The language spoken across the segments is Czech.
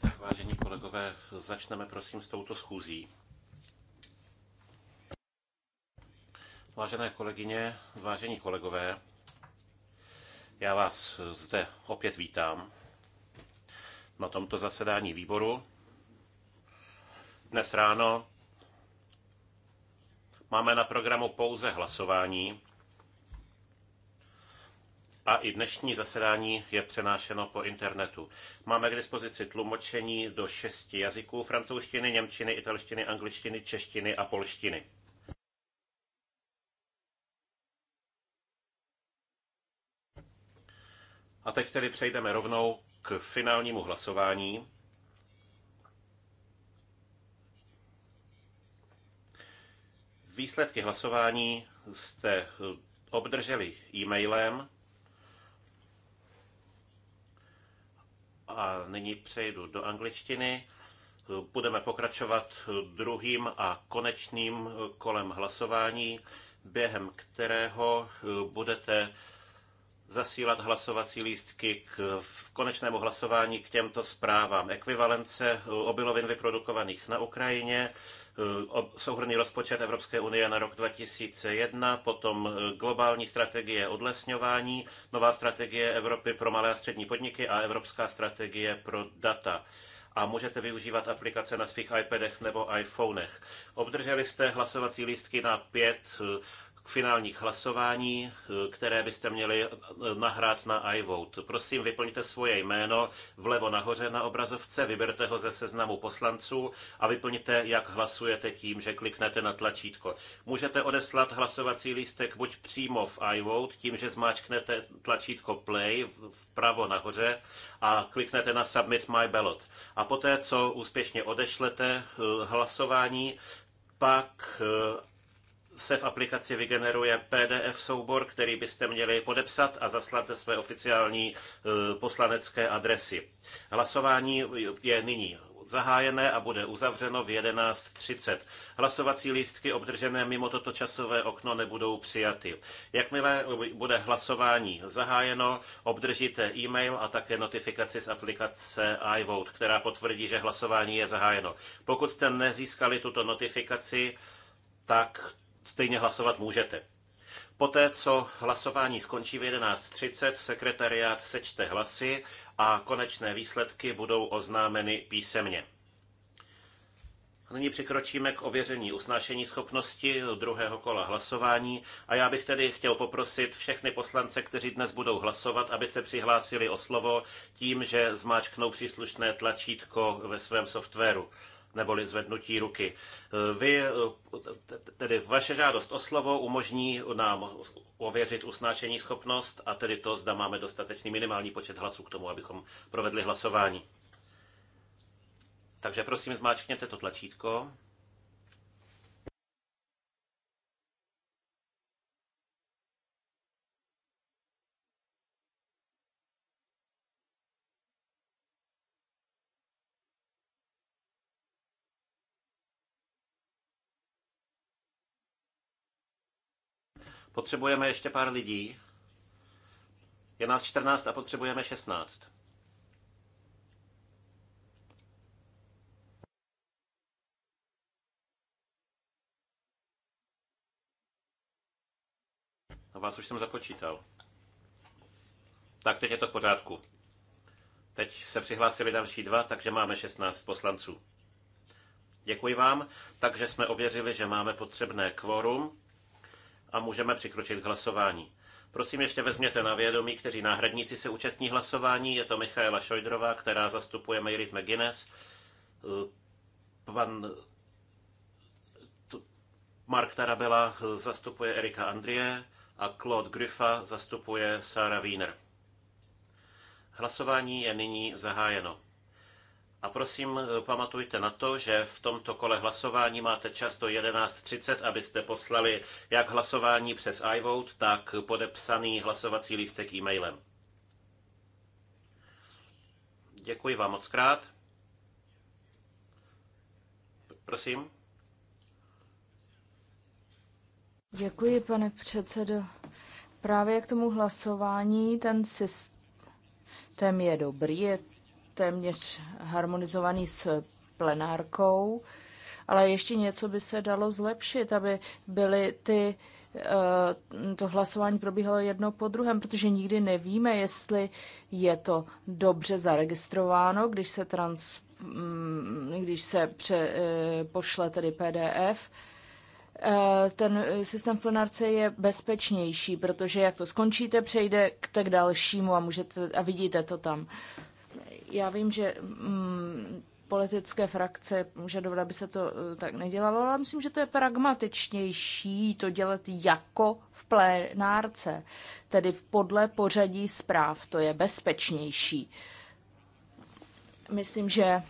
Tak vážení kolegové, začneme prosím s touto schůzí. Vážené kolegyně, vážení kolegové, já vás zde opět vítám na tomto zasedání výboru. Dnes ráno máme na programu pouze hlasování, a i dnešní zasedání je přenášeno po internetu. Máme k dispozici tlumočení do šesti jazyků francouzštiny, němčiny, italštiny, angličtiny, češtiny a polštiny. A teď tedy přejdeme rovnou k finálnímu hlasování. Výsledky hlasování jste obdrželi e-mailem. A nyní přejdu do angličtiny. Budeme pokračovat druhým a konečným kolem hlasování, během kterého budete zasílat hlasovací lístky k konečnému hlasování k těmto zprávám. Ekvivalence obilovin vyprodukovaných na Ukrajině, eh, souhrný rozpočet Evropské unie na rok 2001, potom eh, globální strategie odlesňování, nová strategie Evropy pro malé a střední podniky a evropská strategie pro data a můžete využívat aplikace na svých iPadech nebo iPhonech. Obdrželi jste hlasovací lístky na pět eh, k finálních hlasování, které byste měli eh, nahrát na iVote. Prosím, vyplňte svoje jméno vlevo nahoře na obrazovce, vyberte ho ze seznamu poslanců a vyplňte, jak hlasujete tím, že kliknete na tlačítko. Můžete odeslat hlasovací lístek buď přímo v iVote, tím, že zmáčknete tlačítko Play vpravo nahoře a kliknete na Submit My Ballot. A poté, co úspěšně odešlete eh, hlasování, pak eh, se v aplikaci vygeneruje PDF soubor, který byste měli podepsat a zaslat ze své oficiální e, poslanecké adresy. Hlasování je nyní zahájené a bude uzavřeno v 11.30. Hlasovací lístky obdržené mimo toto časové okno nebudou přijaty. Jakmile bude hlasování zahájeno, obdržíte e-mail a také notifikaci z aplikace iVote, která potvrdí, že hlasování je zahájeno. Pokud jste nezískali tuto notifikaci, tak stejně hlasovat můžete. Poté, co hlasování skončí v 11.30, sekretariát sečte hlasy a konečné výsledky budou oznámeny písemně. Nyní přikročíme k ověření usnášení schopnosti druhého kola hlasování a já bych tedy chtěl poprosit všechny poslance, kteří dnes budou hlasovat, aby se přihlásili o slovo tím, že zmáčknou příslušné tlačítko ve svém softwaru neboli zvednutí ruky. Vy, eh, tedy vaše žádost o slovo umožní nám ověřit usnášení schopnost a tedy to, zda máme dostatečný minimální počet hlasů k tomu, abychom provedli hlasování. Takže prosím, zmáčkněte to tlačítko. Potřebujeme ještě pár lidí. Je nás 14 a potřebujeme 16. A no, vás už jsem započítal. Tak, teď je to v pořádku. Teď se přihlásili další dva, takže máme 16 poslanců. Děkuji vám, takže jsme ověřili, že máme potřebné kvorum a můžeme přikročit k hlasování. Prosím ještě vezměte na vědomí, kteří náhradníci se účastní hlasování. Je to Michaela Šojdrová, která zastupuje Mayrit McGuinness, eh, pan eh, Mark Tarabela eh, zastupuje Erika Andrie a Claude Griffa zastupuje Sarah Wiener. Hlasování je nyní zahájeno. A prosím, eh, pamatujte na to, že v tomto kole hlasování máte čas do 11.30, abyste poslali jak hlasování přes iVote, tak podepsaný hlasovací lístek e-mailem. Děkuji vám moc krát. Prosím. Děkuji, pane předsedo. Právě k tomu hlasování ten systém je dobrý, je téměř harmonizovaný s plenárkou, ale ještě něco by se dalo zlepšit, aby byly ty eh, to hlasování probíhalo jedno po druhém, protože nikdy nevíme, jestli je to dobře zaregistrováno, když se trans, mm, když se pře, eh, pošle tedy PDF. Eh, ten systém v plenárce je bezpečnější, protože jak to skončíte, přejde k tak dalšímu a můžete a vidíte to tam. Já vím, že mm, politické frakce že dovolá by se to eh, tak nedělalo, ale myslím, že to je pragmatičtější to dělat jako v plénárce, tedy podle pořadí zpráv, to je bezpečnější. Myslím, že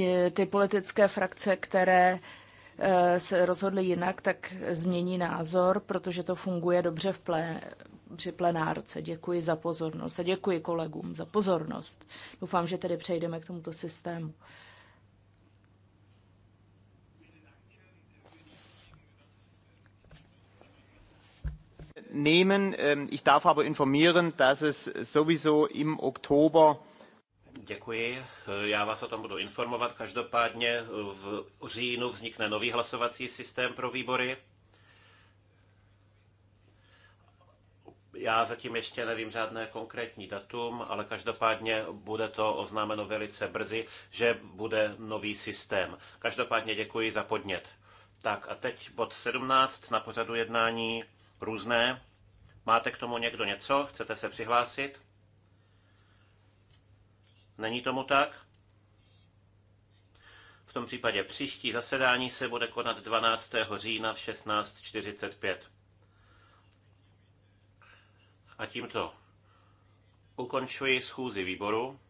eh, ty politické frakce, které eh, se rozhodly jinak, tak změní názor, protože to funguje dobře v, plé, při plenárce. Děkuji za pozornost a děkuji kolegům za pozornost. Doufám, že tedy přejdeme k tomuto systému. nehmen. Ehm, ich darf aber informieren, dass es sowieso im Oktober Děkuji. Já vás o tom budu informovat. Každopádně v říjnu vznikne nový hlasovací systém pro výbory. Já zatím ještě nevím žádné konkrétní datum, ale každopádně bude to oznámeno velice brzy, že bude nový systém. Každopádně děkuji za podnět. Tak a teď bod 17 na pořadu jednání různé. Máte k tomu někdo něco? Chcete se přihlásit? Není tomu tak? V tom případě příští zasedání se bude konat 12. října v 16.45. A tímto ukončuji schůzi výboru.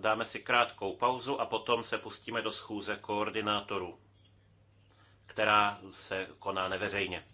Dáme si krátkou pauzu a potom se pustíme do schůze koordinátorů, která se koná neveřejně.